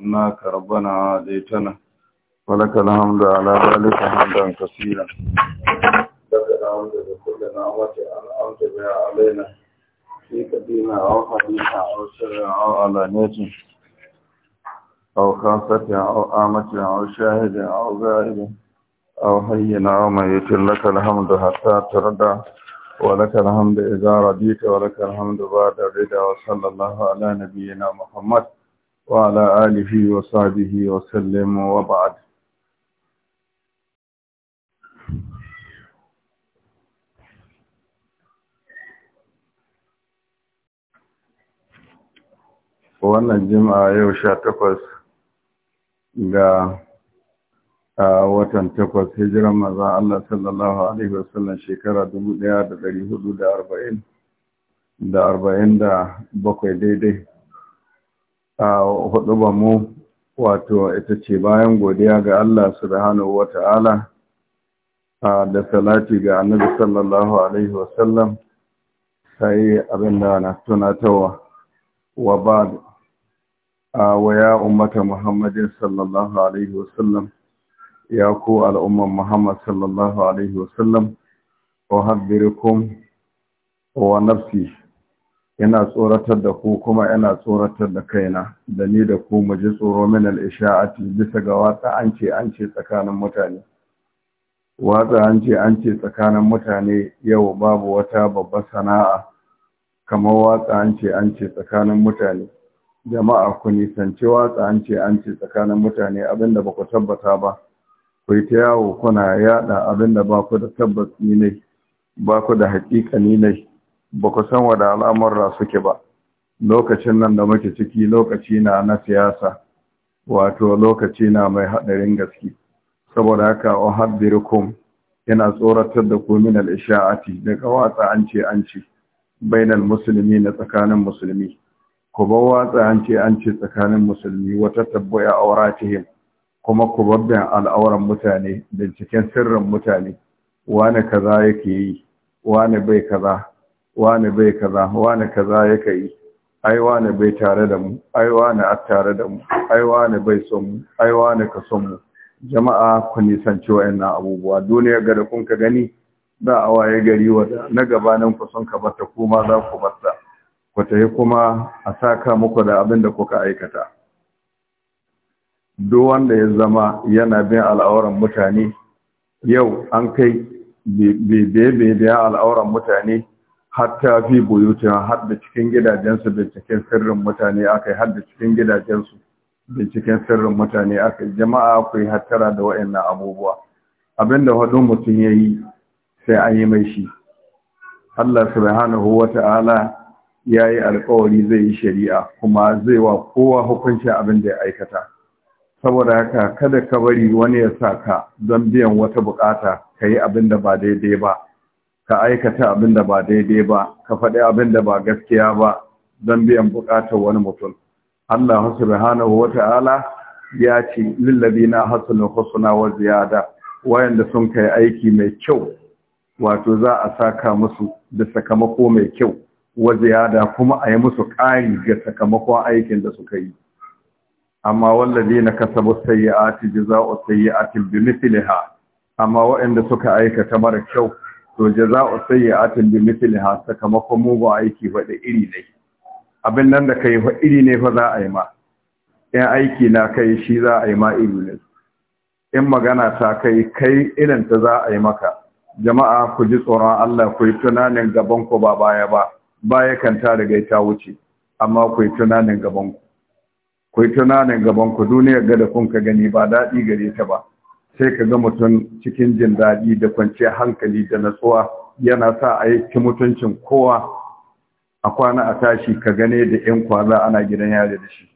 أنك ربنا عاديتنا ولك الحمد على ذلك حمدا كثيرا لك الحمد بكل نعمة أنعمت بها علينا في قديمة أو حديثة أو سرع أو علانية أو خاصة أو آمة أو شاهد أو غائب أو حي أو ميت لك الحمد حتى ترضى ولك الحمد إذا رضيت ولك الحمد بعد الرضا وصلى الله على نبينا محمد وعلى آله وصحبه وسلم وبعد wannan jima'a yau sha takwas ga a watan takwas hijiran maza Allah sallallahu Alaihi wasallam shekara dubu ɗaya da hudu da arba'in da arba'in da bakwai daidai mu wato ita ce bayan godiya ga Allah subhanahu wata'ala da salati ga annabi sallallahu alaihi wasallam sai abinda na tunatawa wa ba'd wa ya ummata muhammadin sallallahu alaihi wasallam ya ku al'umman muhammad sallallahu alaihi wasallam wa habbirikum wa nafsi yana tsoratar da ku kuma yana tsoratar da kaina da ni da ku mu ji tsoro min al-isha'ati bisa ga watsa an ce an ce tsakanin mutane watsa an ce an ce tsakanin mutane yau babu wata babbar sana'a kamar watsa an ce an ce tsakanin mutane jama'a ku nisanci watsa an ce an ce tsakanin mutane abinda ba ku tabbata ba ku yi ta yawo kuna yaɗa abinda ba ku da tabbas ne ba ku da hakika ne ba ku san wada al'amurra suke ba lokacin nan da muke ciki lokaci na na siyasa wato lokaci na mai haɗarin gaske saboda haka o haddirikum yana tsoratar da ku min daga watsa an ce an ce bainal musulmi na tsakanin musulmi ku bar watsa an ce an ce tsakanin musulmi wata tabbaya auratihim kuma ku bar al'auran mutane binciken sirrin mutane wani kaza yake yi wani bai kaza wani bai kaza wani kaza yake yi ai wani bai tare da mu ai wani a tare da mu ai wani bai son mu ai wani ka son mu jama'a ku nisanci wayannan abubuwa Duniya ga da kun ka gani da a waye gari wanda na gaba nan ku son ka bata kuma za ku bata ku tafi kuma a saka muku da abin da kuka aikata duk wanda ya zama yana bin al'auran mutane yau an kai bebe-bebe al'auran mutane hatta fi buyutun har da cikin gidajensu binciken sirrin mutane aka yi har da cikin gidajensu binciken sirrin mutane aka yi jama'a ku hattara da wa'annan abubuwa abinda hudun mutum ya yi sai an yi mai shi Allah subhanahu wa ta'ala ya yi alkawari zai yi shari'a kuma zai wa kowa hukuncin abinda ya aikata saboda haka kada ka bari wani ya sa ka don biyan wata bukata ka yi abin da ba daidai ba ka aikata abin da ba daidai ba ka faɗi abin da ba gaskiya ba don biyan buƙatar wani mutum Allah subhanahu ta'ala ya ce na na hasu na wa ziyada wayanda sun kai aiki mai kyau wato za a saka musu da sakamako mai kyau wa ziyada kuma a yi musu ƙari ga sakamakon aikin da suka yi amma wallazina kasabu sayi a sayyi'atin ha, amma wayanda suka aikata mara kyau to jaza'u sayyi'atin bi ha, sakamakon mugun aiki fa da iri ne abin nan da kai fa iri ne fa za a yi ma in aiki na kai shi za a yi ma iri ne in magana ta kai kai irin ta za a yi maka jama'a ku ji tsoron Allah ku yi tunanin gaban ku ba baya ba baya kan ta riga ta wuce amma ku yi tunanin gaban ku ku yi tunanin gaban ku duniyar ga da kun ka gani ba daɗi gare ta ba sai ka ga mutum cikin jin daɗi da kwanciyar hankali da natsuwa yana sa a yi ci mutuncin kowa a kwana a tashi ka gane da 'yan kwaza ana gidan yare da shi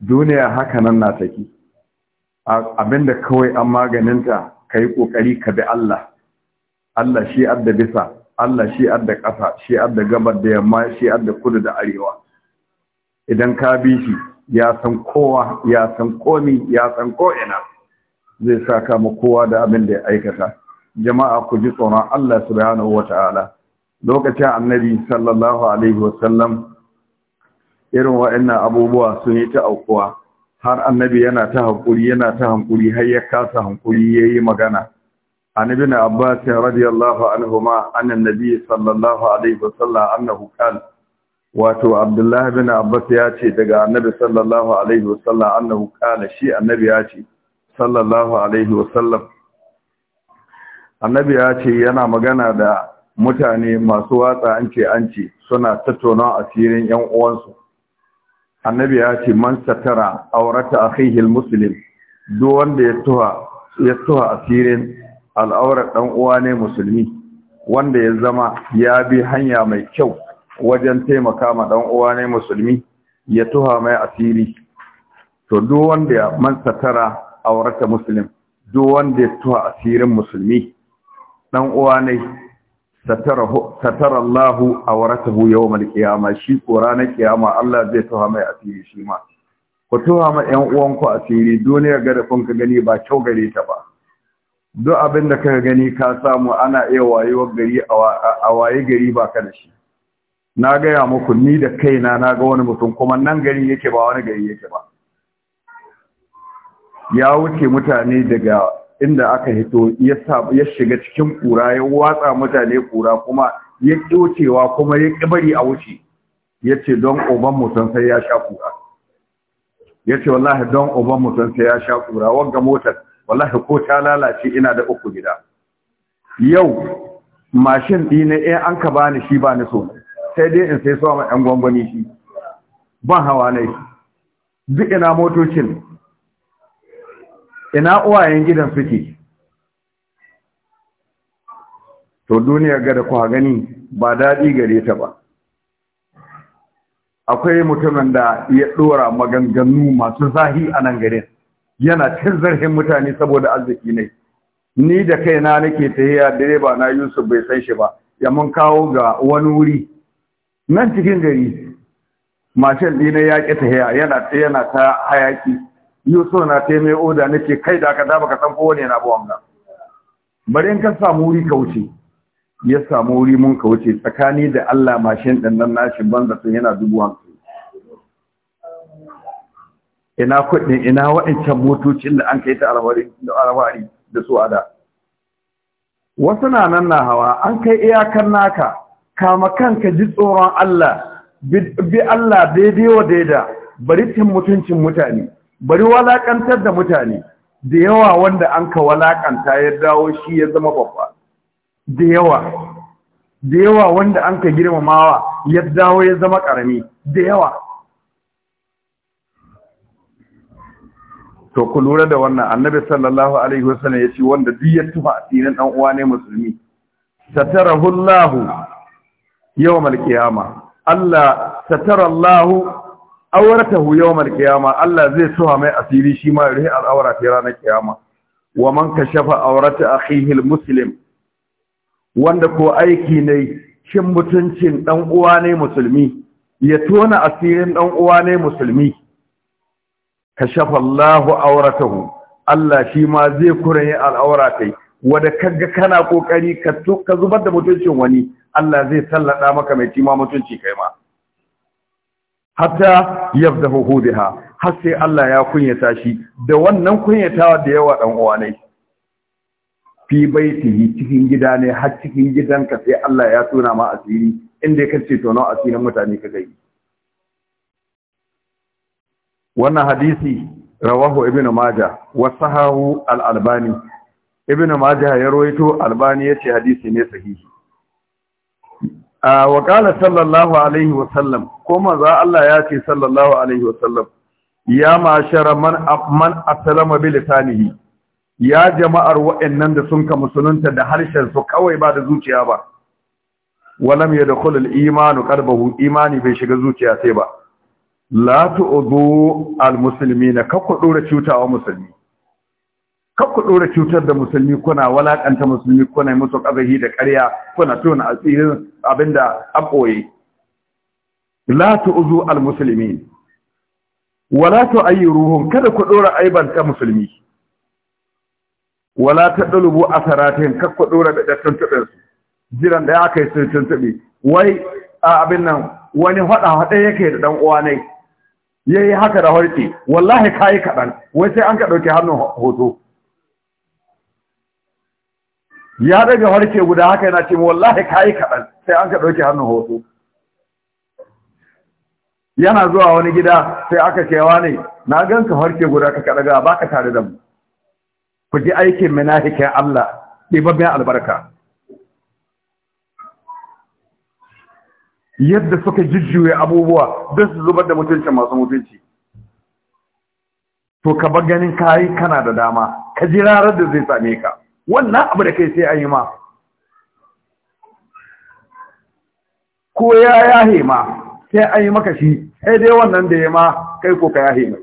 duniya haka nan na taki abinda kawai an maganinta ka yi ƙoƙari ka bi Allah Allah shi adda bisa Allah shi adda ƙasa shi adda gabar da yamma shi adda kudu da arewa idan ka bi shi ya san kowa ya san komi ya san ko'ina zai saka mu kowa da abin da ya aikata jama'a ku ji tsoron Allah subhanahu wata'ala lokacin annabi sallallahu alaihi wasallam irin wa'annan abubuwa sun yi ta aukuwa har annabi yana ta hankuri yana ta hankuri har ya kasa hankuri yayi magana annabi na abbas radiyallahu anhuma annan nabi sallallahu alaihi wasallam annahu qala wato abdullahi bin abbas ya ce daga annabi sallallahu alaihi wasallam annahu kana shi annabi ya ce sallallahu alaihi wasallam annabi ya ce yana magana da mutane masu watsa an ce an ce suna tattauna asirin yan uwansu annabi ya ce man satara aurata akhihi almuslim duk wanda ya tuha ya tuha asirin al'aurar dan uwa ne musulmi wanda ya zama ya bi hanya mai kyau wajen taimaka ma dan uwa ne musulmi ya tuha mai asiri to duk wanda ya tara aurata muslim duk wanda ya tuha asirin musulmi dan uwa ne satara Allahu auratahu yawmal qiyama shi ko ranar kiyama Allah zai tuha mai asiri shi ma ku tuha ma ƴan uwanku asiri duniya ga da kun gani ba kyau gare ta ba duk abin da ka gani ka samu ana iya wayewar gari a waye gari ba ka da shi na gaya muku ni da kaina na ga wani mutum kuma nan gari yake ba wani gari yake ba ya wuce mutane daga inda aka hito ya shiga cikin kura ya watsa mutane kura kuma ya ƙyocewa kuma ya bari a wuce ya ce don oban mutum sai ya sha kura ya ce wallahi don oban mutum sai ya sha kura wanga motar wallahi ko ta lalace ina da uku gida yau mashin ɗina in eh, an ka bani shi ba ni so sai dai in sai sama ɗan gwangwani shi ban hawa na shi duk ina motocin ina uwayen gidan suke to duniyar gada kuwa gani ba daɗi gare ta ba akwai mutumin da ya ɗora maganganu masu zahi a nan garin yana cin zarhin mutane saboda arziki ne ni da kaina nake tahiya direba na yusuf bai san shi ba ya mun kawo ga wani wuri nan cikin gari mashin ɗina ya ƙi ta yana yana ta hayaki yusuf na ta mai oda nake kai da aka daba ka san ko wani na abuwa nan bari in ka samu wuri ka wuce ya samu wuri mun ka wuce tsakani da Allah mashin ɗin nan nashi banza sun yana dubu hamsin ina kuɗin ina waɗancan motocin da an kai ta alwari da su a da wasu na nan na hawa an kai iyakar naka kama kanka ji tsoron Allah bi Allah daidai wa daida bari cin mutuncin mutane bari walakantar da mutane da yawa wanda an ka walakanta ya dawo shi ya zama babba da yawa da yawa wanda an ka girmamawa ya dawo ya zama karami da yawa to ku lura da wannan annabi sallallahu alaihi wasallam ya ce wanda duk ya tufa asirin dan uwa ne musulmi satarahu Allahu yawmal qiyama Allah satara Allah auratahu yawmal qiyama Allah zai suha mai asiri shi ma rihi al'aura ranar kiyama wa man kashafa aurata akhihi almuslim wanda ko aiki ne shin mutuncin ɗan uwa ne musulmi ya tona asirin ɗan uwa ne musulmi kashafa Allah auratahu Allah shi ma zai kuranye al'aura ta wanda kaga kana kokari ka ka zubar da mutuncin wani Allah zai sallada maka mai tima mutunci kai ma hatta yafdahu biha har sai Allah ya kunyata shi da wannan kunyatawa da yawa dan uwa ne fi baitihi cikin gida ne har cikin gidan ka sai Allah ya tona ma asiri inda ce tono asirin mutane ka kai wannan hadisi rawahu ibnu majah wa sahahu al-albani ibn majah ya rawaito albani yace hadisi ne sahihi wa qala sallallahu alaihi wa sallam kuma za Allah ya ce sallallahu alaihi wa sallam ya ma'ashara man man aslama bi lisanihi ya jama'ar wa'annan da sun ka musulunta da harshen su kawai ba da zuciya ba walam yadkhul al-iman qalbahu imani bai shiga zuciya sai ba la tu'dhu al-muslimina ka ku dora cutawa musulmi kar ku dora cutar da musulmi kuna walakanta musulmi kuna musu kazahi da ƙarya kuna tona asirin abinda a koyi la tu'zu al muslimin wala ruhun kada ku dora aibanta musulmi wala tadlubu asaratin kar ku dora da tuntuɓe su jiran da aka yi sun tuntuɓe wai abin nan wani hada hada yake da dan uwa ne yayi haka da harki. wallahi kai kaɗan, wai sai an ka ɗauki hannun hoto ya daga harke guda haka yana ce wallahi kai kaɗan sai an ka ɗauki hannun hoto yana zuwa wani gida sai aka cewa ne na gan ka harke guda ka kaɗaga ba ka tare da mu ku ji aikin minahikin Allah ɗibabben albarka yadda suka jujjuya abubuwa don su zubar da mutunci masu mutunci to ka bar ganin kayi kana da dama ka ji ranar da zai same ka wannan abu da kai sai an yi ma ko ya yahe ma sai an yi maka shi sai dai wannan da ya ma kai ko ka yahe mai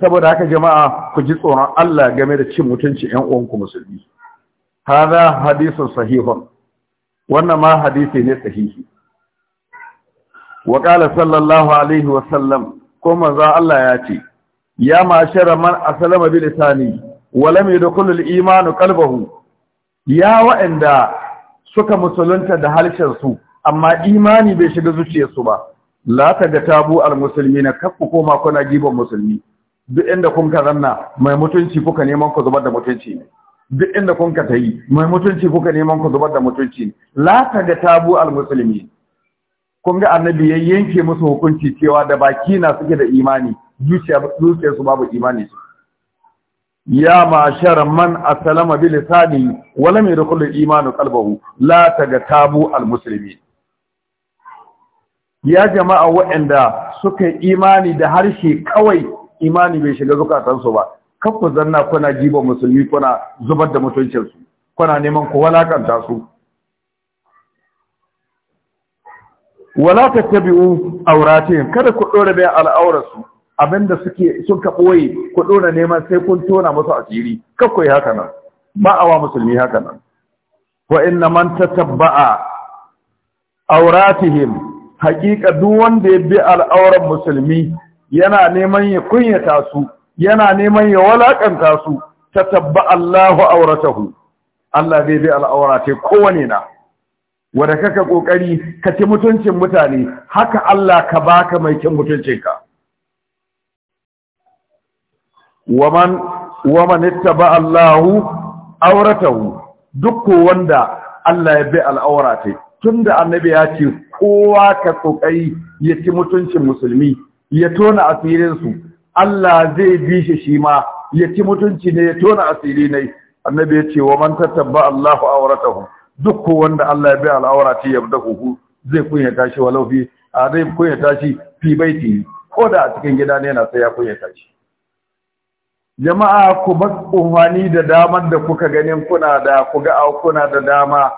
saboda haka jama'a ku ji tsoron Allah game da cin mutunci 'yan uwanku musulmi hada hadisun sahihun wannan ma hadisi ne sahihi wa sallallahu alaihi wa ko manzo Allah ya ce ya mashara man aslama bi lisani wa lam yadkhul al-iman kalbahu. ya wa'anda suka musulunta da halshen su amma imani bai shiga zuciyarsu ba la ga tabu al-muslimina kafu koma kuna giban musulmi duk inda kun ka zanna mai mutunci kuka neman ku zubar da mutunci ne duk inda kun ka tayi mai mutunci kuka neman ku zubar da mutunci ne la ga tabu al-muslimina kun ga annabi ya yanke musu hukunci cewa da baki na suke da imani zuciya su babu imani su ya mashara man asalama salama bilisani, wa lam yadkhul al-iman La la tagatabu al-muslimin ya jama'a waɗanda suka imani da harshe kawai imani bai shiga zukatansu ba kakku zanna kuna jiba musulmi kuna zubar da mutuncinsu kuna neman ku walakanta su wala tattabi'u auratin kada ku dora bayan al'aurarsu abinda suke sun ka boye ku dora neman sai kun tona musu asiri kakkoi haka nan ba awa musulmi haka nan wa inna man tatabba'a auratihim haqiqa duk wanda ya bi al'auran musulmi yana neman ya kunyata su yana neman ya walakanta su ta tatabba Allahu auratahu Allah zai bi al'aurate kowane na wanda kaka kokari ka ci mutuncin mutane haka Allah ka baka mai cin mutuncinka waman waman ittaba Allahu auratahu duk wanda Allah ya bi al'aura tunda annabi ya ce kowa ka kokari ya ci mutuncin musulmi ya tona asirin su Allah zai bi shi shi ma ya ci mutunci ne ya tona asiri ne annabi ya ce waman tattaba Allahu auratahu duk ko wanda Allah ya bi al'aura ta ya da zai kunya tashi walau fi a zai kunya tashi fi baiti ko da a cikin gida ne yana sai ya kunya tashi jama'a ku bar kuhani da damar da kuka ganin kuna da ku ga kuna da dama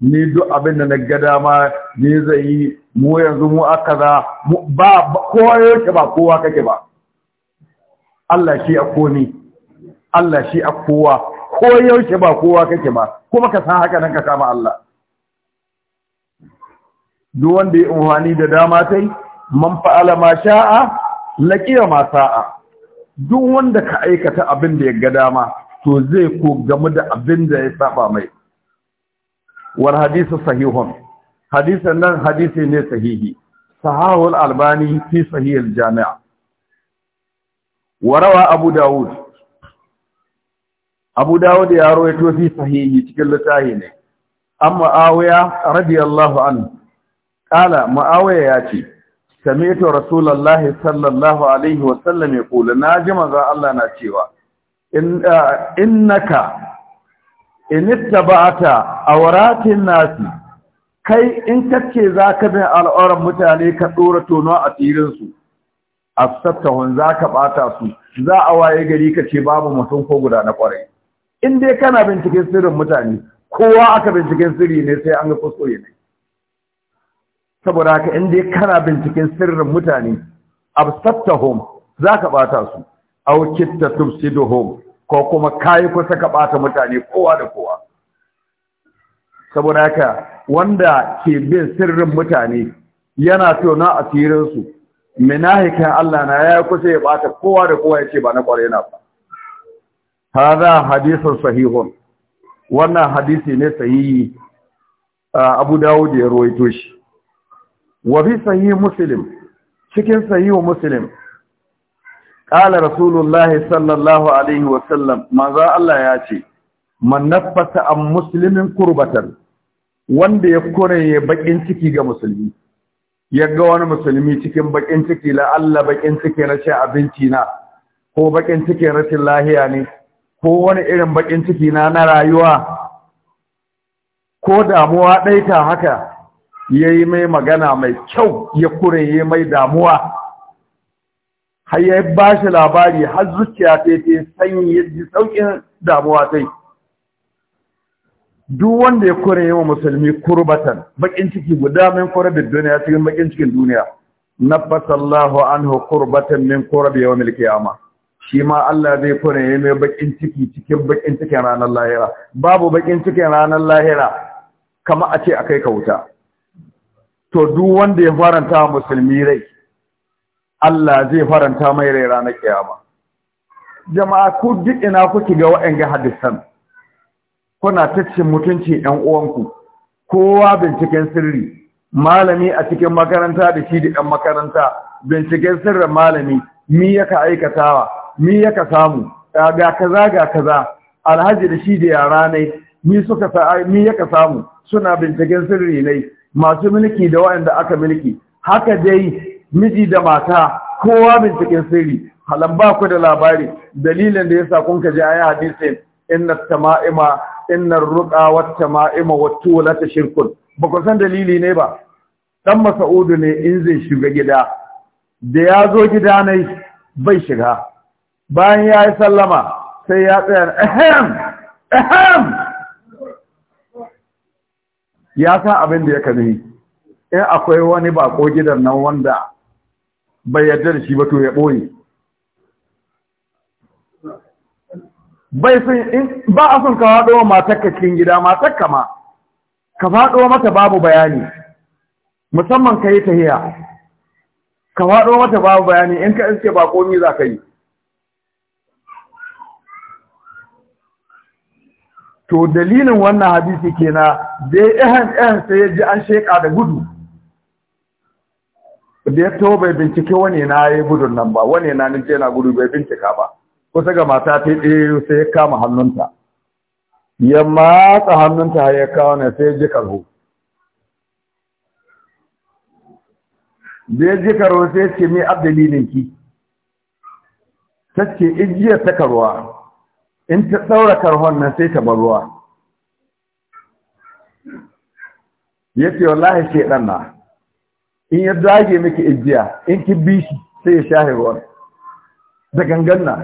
ni duk abin da na ga dama ne zai yi mu yanzu mu aka za ba kowa yake ba kowa kake ba Allah shi a Allah shi a ko yaushe ba kowa kake ba kuma ka san haka nan ka kama Allah duk wanda ya umarni da dama tai man fa'ala ma sha'a laqiya ma sa'a duk wanda ka aikata abin da ya ga dama to zai ko gamu da abin da ya saba mai war hadisu sahihun hadisan nan hadisi ne sahihi sahahul albani fi sahihil jami'a warawa Abu داود abu dawud ya rawaito fi sahihi cikin littafi ne an awaya radiyallahu anhu Kala, muawiya ya ce sami'tu rasulullahi sallallahu alaihi wa sallam yaqulu naji manzo Allah na cewa in innaka in awratin nasi kai in kace zaka bin al'auran mutane ka dora tono a tirin su afsatahun zaka bata su za a waye gari kace babu mutum ko guda na kwarai in dai kana binciken sirrin mutane kowa aka binciken sirri ne sai an ga ya ne saboda haka in dai kana binciken sirrin mutane absattahum ka bata su aw kitta tufsiduhum ko kuma yi kusa ka bata mutane kowa da kowa saboda haka wanda ke bin sirrin mutane yana tona asirin su minahikan Allah na ya kusa ya bata kowa da kowa ya ce ba na kware na ba hadha hadithun sahihun wannan hadisi ne sahihi Abu Dawud ya rawaito shi wa fi sahih Muslim cikin sahih Muslim qala Rasulullahi sallallahu alaihi wa sallam manzo Allah ya ce man nafasa an muslimin kurbatan wanda ya kore bakin ciki ga musulmi ya ga wani musulmi cikin bakin ciki la Allah bakin ciki rashin abinci na ko bakin ciki rashin lahiya ne ko wani irin bakin ciki na na rayuwa ko damuwa ɗaita haka ya yi mai magana mai kyau ya ya mai damuwa har ya ba shi labari har zuciya ta yi sanyi ya ji sauƙin damuwa ta duk wanda ya kure wa musulmi kurbatan bakin ciki guda min da duniya cikin bakin cikin duniya na fasallahu anhu kurbatan min yawan yawmil qiyamah shi ma Allah zai ya mai bakin ciki cikin bakin cikin ranar lahira babu bakin cikin ranar lahira kama a ce a kai ka wuta to duk wanda ya faranta musulmi rai Allah zai faranta mai rai ranar kiyama jama'a ku duk ina kuke ga ga hadisan kuna ta cin mutunci ɗan uwanku kowa binciken sirri malami a cikin makaranta da shi da 'yan makaranta binciken sirrin malami mi yaka aikatawa mi yaka samu ga kaza ga kaza alhaji da shi da yara ne mi suka mi yaka samu suna binciken sirri ne masu mulki da waɗanda aka mulki haka dai miji da mata kowa binciken sirri halan ba ku da labari dalilin da yasa kun ka ji ayi hadisin inna tama'ima inna ruqa wat tama'ima wat tulata shirkun ba ku san dalili ne ba dan Masa'udu ne in zai shiga gida da ya zo gida ne bai shiga bayan ya yi sallama sai ya tsaya ahem ahem ya san abin da ya kazi in akwai wani bako gidan nan wanda bai yarda da shi ba to ya ɓoye bai sun ba a sun ka faɗo matakka cikin gida matakka ma ka faɗo mata babu bayani musamman ka yi tahiya ka faɗo mata babu bayani in ka iske bako ni za ka yi to dalilin wannan hadisi kenan da ehan ehan sai ya ji an sheka da gudu da ya taho bai bincike wani na ya gudun nan ba wani na nince na gudu bai bincika ba kusa ga mata ta ɗaya sai ya kama hannunta ya matsa hannunta ya kawo ne sai ya ji karho da ya ji karo sai ya ce mai abdalilin ki ta ce ijiyar ta karuwa in ta ɗaura karhon nan sai ta bar ruwa ya ce wallahi shaidan ɗanna. in ya zage miki ijiya in ki bi shi sai ya shahe ruwan da gangan na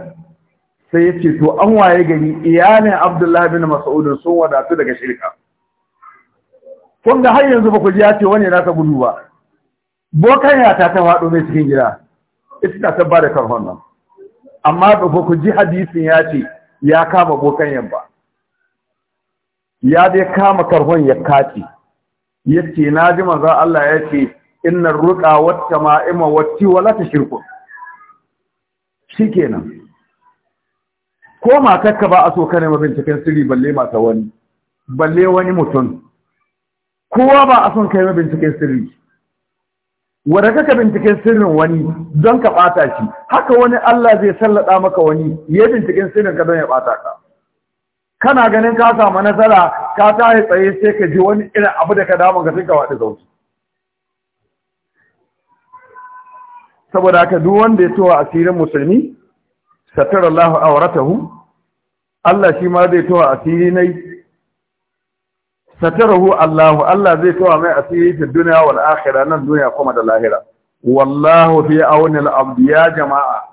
sai ya ce to an waye gari iyalin abdullahi bin mas'udin sun wadatu daga shirka kun ga har yanzu ba ku ji ya ce wani naka gudu ba bokan ya ta faɗo mai cikin gida ita ta ba da karhon nan amma ba ku ji hadisin ya ce ya kama bokan yamba ya dai kama karhon ya kaci yace na ji manzo Allah ya ce innar ruqa wat tama'ima wat wala tashirku shikenan ko matarka ba a so kane mabinciken sirri balle mata wani balle wani mutum kowa ba a son kai mabinciken sirri wanda kaka binciken sirrin wani don ka ɓata shi haka wani Allah zai sallaɗa maka wani ya binciken sirrin ka don ya ɓata ka kana ganin ka samu nasara ka tashi tsaye sai ka ji wani irin abu da ka damu ka sai ka waɗi zauki saboda haka duk wanda ya towa asirin musulmi satar Allah auratahu Allah shi ma zai towa asiri nai satarahu Allahu Allah zai kawo mai asiri fi duniya wal akhirah nan duniya kuma da lahira wallahu fi auni al abdi ya jama'a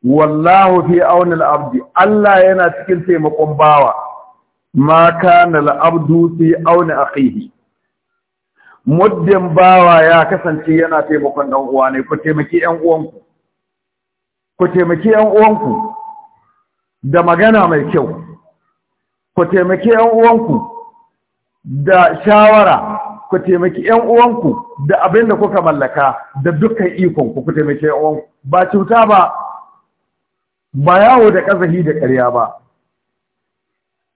wallahu fi auni al abdi Allah yana cikin taimakon bawa ma kana al abdu fi auni akhihi muddin bawa ya kasance yana taimakon dan uwa ne ku taimaki yan uwanku ku taimaki yan uwanku da magana mai kyau ku taimaki yan uwanku da shawara ku taimaki ƴan uwanku da abin da kuka mallaka da dukkan ikon ku ku taimaki ƴan uwanku ba cuta ba ba yawo da kazahi da ƙarya ba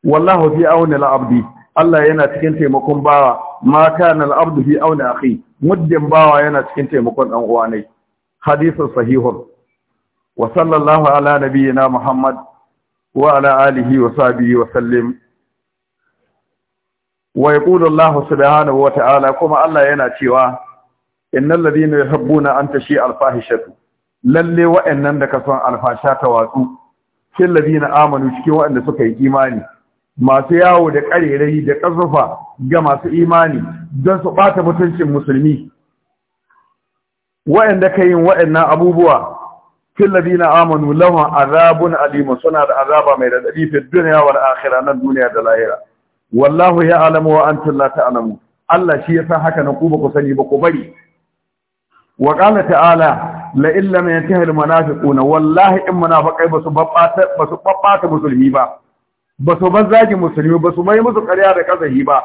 wallahu fi auni al Allah yana cikin taimakon bawa ma kana al-abdu fi auni akhi muddin bawa yana cikin taimakon dan uwa ne hadithu sahih wa sallallahu ala nabiyyina muhammad wa ala alihi wa sahbihi wa sallim wa yaqulu Allahu subhanahu wa ta'ala kuma Allah yana cewa innal ladina yuhibbuna an tashi al-fahishatu lalle wa'annan da ka al alfasha ta watsu fil ladina amanu cikin wa'anda suka yi imani masu yawo da karerai da kazufa ga masu imani don su bata mutuncin musulmi wa'anda kayin wa'annan abubuwa fil ladina amanu lahum azabun alim suna da azaba mai radadi fi dunya wal akhirah nan duniya da lahira wallahu ya alamu wa antum la ta'lamu Allah shi yasa haka na ku ba ku sani ba ku bari wa qala ta'ala la in lam yantahi almunafiquna wallahi in munafiqai basu babbata basu babbata musulmi ba basu zagi musulmi basu mai musu ƙarya da kazahi ba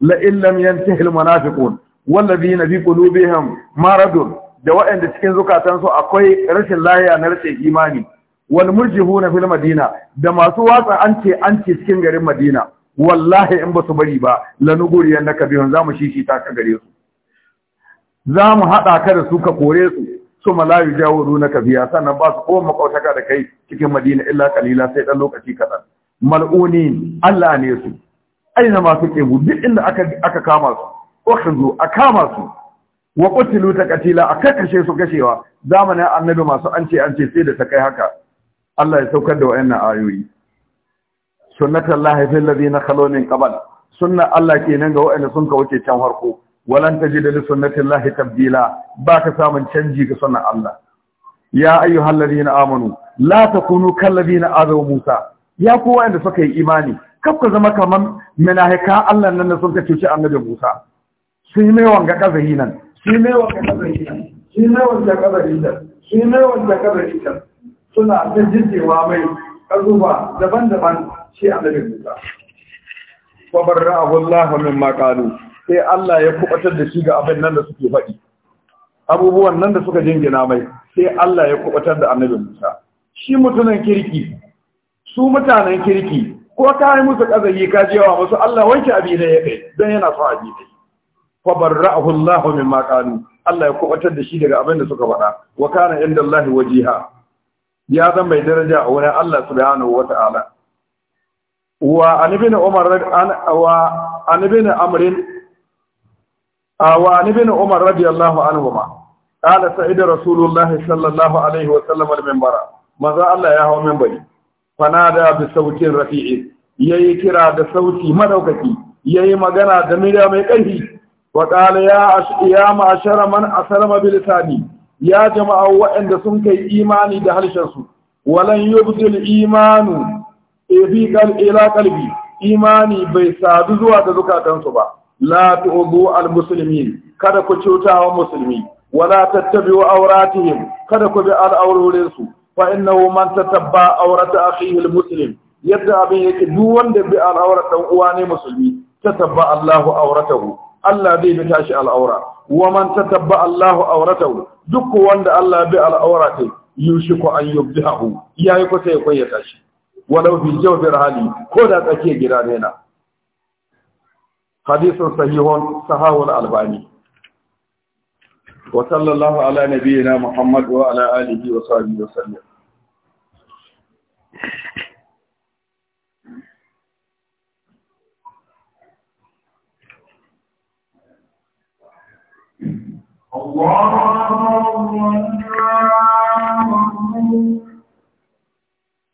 la in lam yantahi almunafiqun walladhina fi qulubihim maradun da waɗanda cikin zukatansu akwai rashin lahiya na rashin imani wal murjihuna fil madina da masu watsa an ce an ce cikin garin madina wallahi in ba su bari ba lanuguri yan naka za zamu shishi ta ka gare su zamu hada ka da su ka kore su su layu jawo runa ka biya sannan ba su koma ka da kai cikin madina illa kalila sai dan lokaci kadan Mal'uni Allah ne su aina ma suke bu duk inda aka aka kama su ukhzu a kama su wa qutilu taqtila a kashe su kashewa zamanin annabi masu ance ance sai da ta kai haka Allah ya saukar da wayannan ayoyi sunnatullahi fil ladina khalu min qabl sunna Allah ke nan ga waɗanda sun ka wuce can farko walan ta ji da tajida li sunnatillahi tabdila ba ka samun canji ga sunnar Allah ya ayyuhal ladina amanu la takunu kal ladina azaw Musa ya ku waɗanda suka yi imani kaf ku zama kaman munafika Allah nan da sun ka cuci annabi Musa su yi mai wanga kazahi nan su yi mai wanga kazahi nan su yi mai wanga kazahi nan su yi mai wanga kazahi nan suna ta jiddewa mai ƙazuba daban-daban shi annabi Musa fa barra'ahu Allah ma qalu sai Allah ya kubatar da shi ga abin nan da suke faɗi abubuwan nan da suka jingina mai sai Allah ya kubatar da annabi Musa shi mutunan kirki su mutanen kirki ko ka yi musu kazayi ka je wa musu Allah wanke abi ne ya kai dan yana so abi ne fa barra'ahu Allah ma qalu Allah ya kubatar da shi daga abin da suka faɗa wa kana inda Allah wajiha ya zama mai daraja a wurin Allah subhanahu wata'ala wa anibin umar wa anibin amrin wa anibin umar radiyallahu anhuma qala sa'ida rasulullahi sallallahu alaihi wa sallam al-minbara maza Allah ya hau hawo minbari da bi sautin rafi'i Ya yi kira da sauti madaukaki Ya yi magana da murya mai ƙarfi wa qala ya a shara man aslama bi lisani ya jama'a wa'anda sun kai imani da harshen su walan yubdil imanu ibiqal ila kalbi imani bai sadu zuwa ga zukatansu ba la tu'dhu al muslimin kada ku cuta wa musulmi wala tattabi'u awratihim kada ku bi al awrurin su fa innahu man tatabba awrata akhihi al muslim yadda abin yake duk wanda bi al awrat dan uwa ne musulmi tatabba Allahu awratahu Allah zai bi tashi al awra wa man tatabba Allahu awratahu duk wanda Allah bi al awrata yushiku an yubdahu yayi ko sai ko ya tashi walau fi jawfir hali ko da tsakiyar gida ne na hadisin sahihun sahawul albani wa sallallahu ala nabiyyina muhammad wa ala alihi wa Allah Allah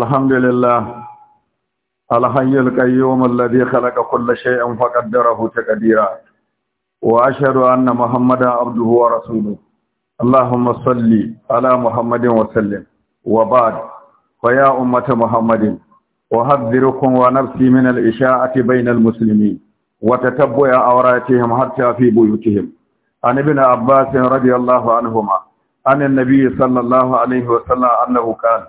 الحمد لله الحي القيوم الذي خلق كل شيء فقدره تقديرا واشهد ان محمدا عبده ورسوله اللهم صل على محمد وسلم وبعد فيا امه محمد وحذركم ونفسي من الاشاعه بين المسلمين وتتبع عوراتهم حتى في بيوتهم عن ابن عباس رضي الله عنهما عن النبي صلى الله عليه وسلم انه قال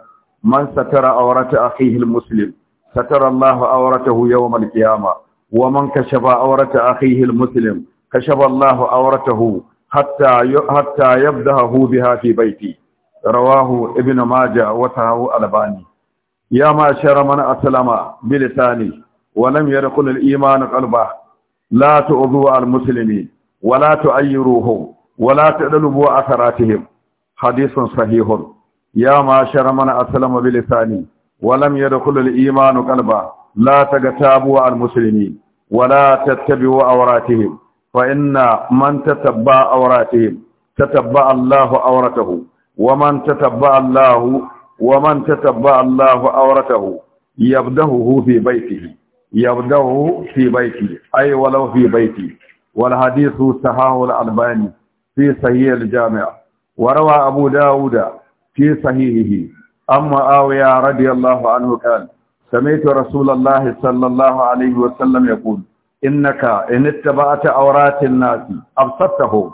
man satara aurata akhihi almuslim satara Allah auratahu yawm alqiyama wa man kashafa aurata akhihi almuslim kashafa Allah auratahu hatta hatta yabdahu biha fi baiti rawahu ibn majah wa albani ya ma shara man aslama bilisani wa lam yadkhul aliman qalba la tu'dhu almuslimin wa la tu'ayruhum wa la tadlubu atharatihim hadithun sahihun ya mashar mana aslama bi lisani wa lam yadkhul al iman qalba la tagtabu al muslimin wa la tattabi'u awratihim fa inna man tatabba awratihim tatabba Allah awratahu wa man tatabba Allah wa man tatabba Allah awratahu yabdahu fi baytihi yabdahu fi baiti ay walau fi wal albani fi sahih jami'a. jami' wa في صحيحه أما آوية رضي الله عنه قال سمعت رسول الله صلى الله عليه وسلم يقول إنك إن اتبعت أورات الناس أبسطتهم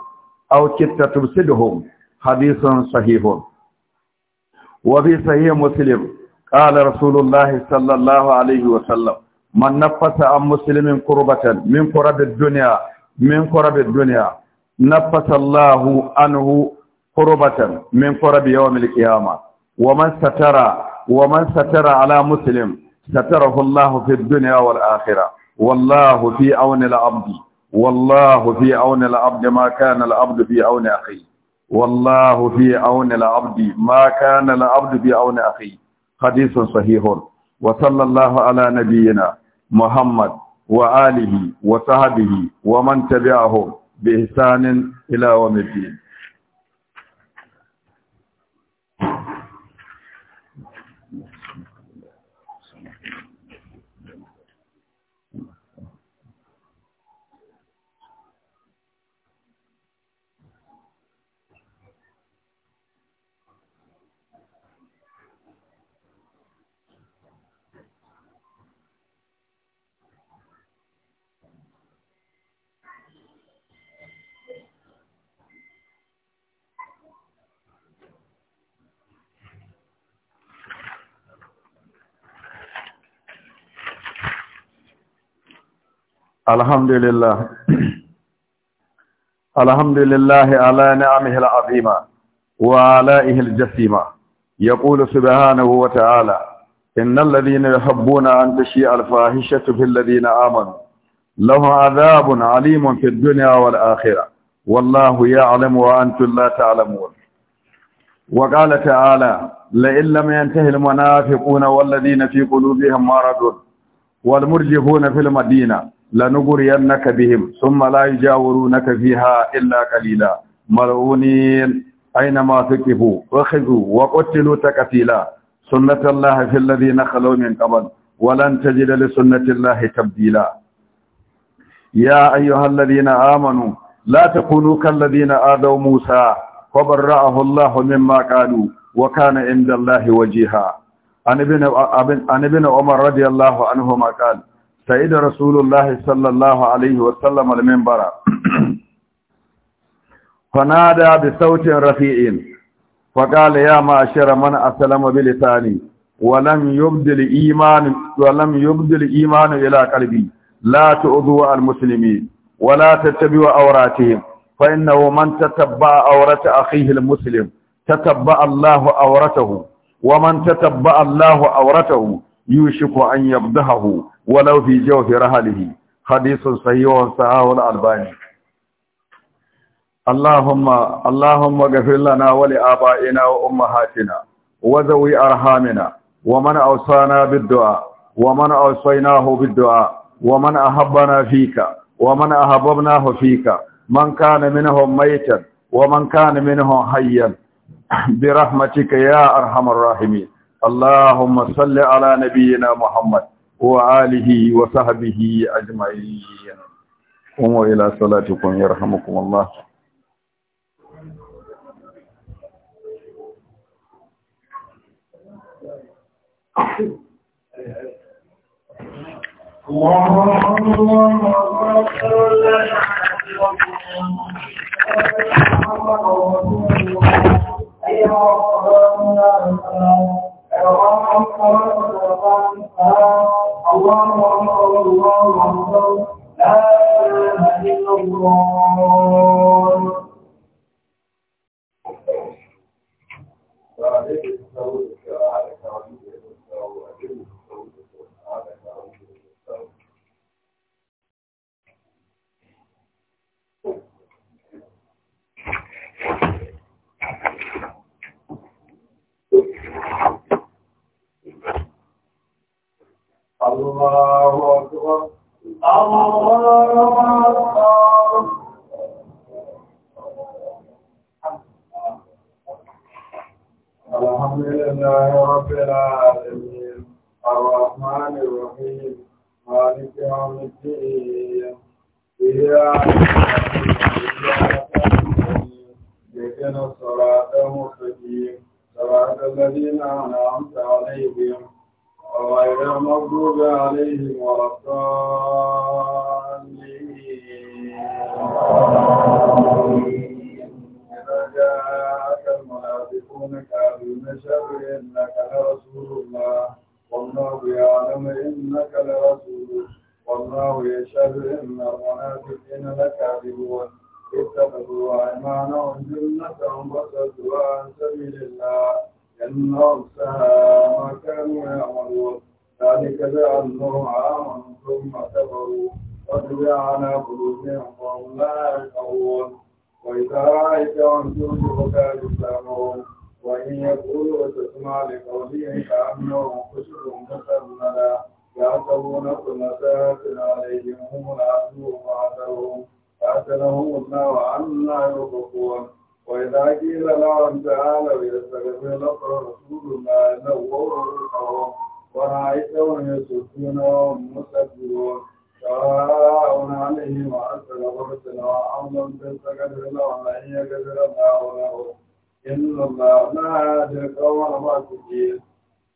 أو كدت تبسدهم حديث صحيح وفي صحيح مسلم قال رسول الله صلى الله عليه وسلم من نفس عن مسلم قربة من قرب الدنيا من قرب الدنيا نفس الله عنه qurbatan min qurbi yawm qiyamah wa man satara wa man satara ala muslim satarahu Allah fi ad-dunya wal akhirah wallahu fi auni al-abd wallahu fi auni al-abd ma kana al-abd fi auni akhihi والله في عون العبد ما كان العبد في wa sallallahu حديث صحيح وصلى الله على نبينا محمد وآله وصحبه ومن تبعهم بإحسان إلى يوم الدين الحمد لله الحمد لله على نعمه العظيمة وعلائه الجسيمة يقول سبحانه وتعالى إن الذين يحبون أن تشيء الفاحشة في الذين آمنوا له عذاب عليم في الدنيا والآخرة والله يعلم وأنتم لا تعلمون وقال تعالى لئن لم ينتهي المنافقون والذين في قلوبهم مرض والمرجفون في المدينة لنغرينك بهم ثم لا يجاورونك فيها إلا قليلا ملعونين أينما ثقفوا وخذوا وقتلوا تكفيلا سنة الله في الذين خلوا من قبل ولن تجد لسنة الله تبديلا يا أيها الذين آمنوا لا تكونوا كالذين آذوا موسى فبرأه الله مما قالوا وكان عند الله وجيها عن ابن عمر رضي الله عنهما قال سيد رسول الله صلى الله عليه وسلم المنبر فنادى بصوت رفيع فقال يا معشر من أسلم بلساني ولم يبدل إيمان ولم يبدل إيمان إلى قلبي لا تؤذوا المسلمين ولا تتبعوا أوراتهم فإنه من تتبع أورة أخيه المسلم تتبع الله أورته ومن تتبع الله أورته يوشك أن يبدهه ولو في جوف رحله حديث صحيح وصحاه الألباني اللهم اللهم اغفر لنا ولآبائنا وأمهاتنا وذوي أرحامنا ومن أوصانا بالدعاء ومن أوصيناه بالدعاء ومن أحبنا فيك ومن أحببناه فيك من كان منهم ميتا ومن كان منهم حيا برحمتك يا أرحم الراحمين اللهم صل على نبينا محمد وآله وصحبه أجمعين قوموا إلى صلاتكم يرحمكم الله اللهم صل على محمد الذين أنعمت عليهم غير المغضوب عليهم ولا الضالين إذا جاءك المنافقون قالوا نشهد إنك لرسول الله والله يعلم إنك لرسول والله يشهد إن المنافقين لكاذبون اتخذوا أيمانهم جنة وصدوا عن سبيل الله إن أرسلها كانوا يعملون ذلك بأنهم عاما ثم كفروا وتبع على قلوبهم وهم لا يشعرون وإذا رأيت أن تنفق أجسامهم وإن يقولوا تسمع لقولهم كأنهم خشب مسندا يعتبون كل ساعة عليهم هم العدو فاعتلهم فاعتلهم الله عنا يوفقون وإذا قيل لهم تعالوا يستغفر لكم رسول الله نوروا رؤوسهم ورأيتهم يصدون وهم مستكبرون سواء عليهم أستغفرت لهم أم لم تستغفر لهم لن يغفر الله لهم إن الله لا يهدي القوم الفاسقين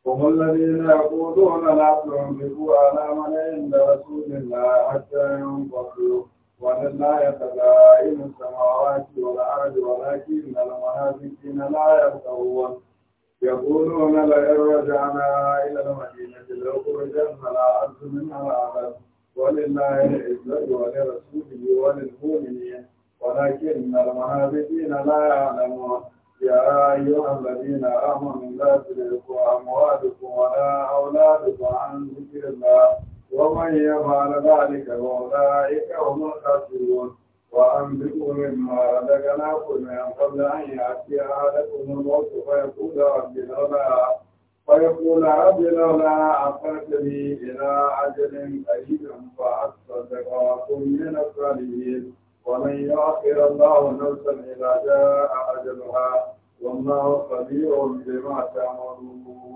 هم الذين يقولون لا تنفقوا على من عند رسول الله حتى ينفقوا ولله خزائن السماوات والأرض ولكن المنافقين لا يفقهون يقولون لئن رجعنا إلى المدينة لأخرجن الأعز منها الأعز ولله العزة ولرسوله وللمؤمنين ولكن المنافقين لا يعلمون يا أيها الذين آمنوا لا تلقوا أموالكم ولا أولادكم عن ذكر الله ومن يفعل ذلك فأولئك هم الخاسرون وأنبئوا مما رزقناكم من قبل أن يأتي أحدكم الموت فيقول رب لولا فيقول رب لولا أخرتني إلى أجل قريب فأصدق وأكون من الصالحين ومن يؤخر الله نفسا إذا جاء أجلها والله خبير بما تعملون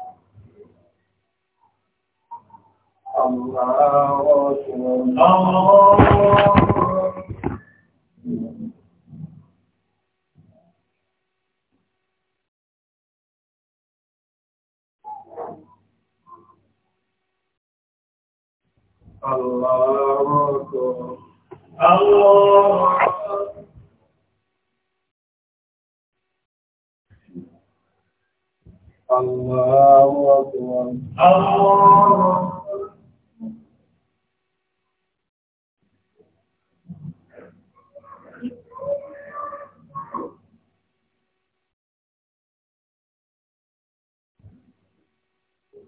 السماوات والأرض الله أكبر الله أكبر الله أكبر الله أكبر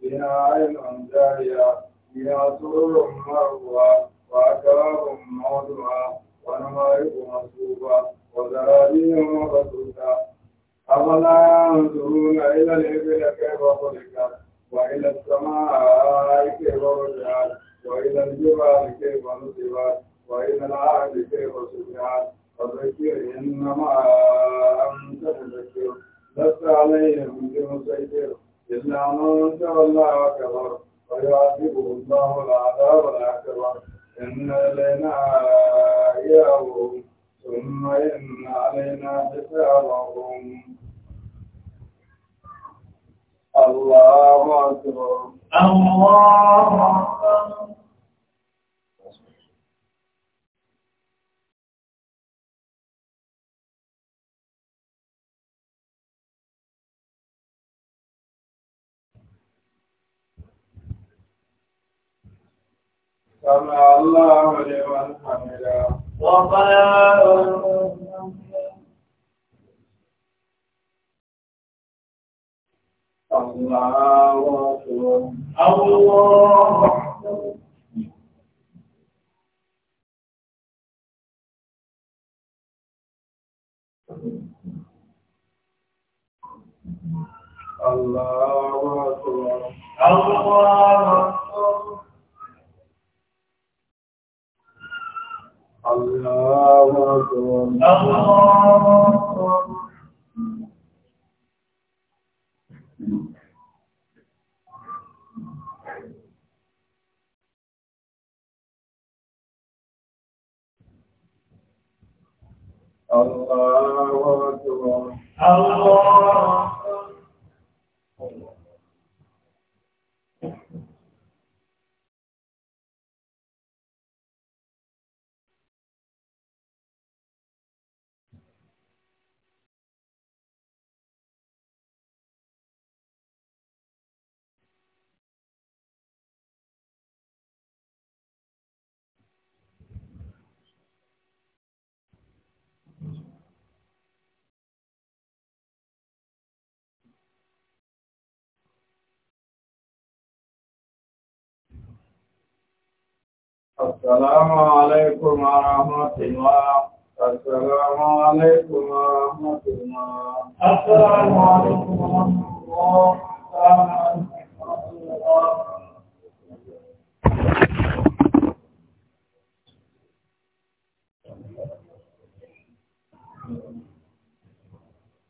فيها عين جارية فيها سرور مرضى وأكواب موضوعة ونمارق مصفوفة وزرابي مبثوثة أفلا ينظرون إلى الإبل كيف خلقت وإلى السماء كيف رجعت وإلى الجبال كيف نصبت وإلى الأرض كيف سجعت فذكر إنما أنت مذكر لست عليهم بمسيطر إلا من تولى وكفر فيعذبه الله العذاب الأكبر إن إلينا إياهم ثم إن علينا حسابهم الله أكبر الله أكبر سمع الله لمن حمده ربنا الله أكبر الله أكبر الله أكبر الله أكبر الله أكبر الله أكبر الله السلام عليكم ورحمة الله السلام عليكم ورحمة الله السلام عليكم ورحمة الله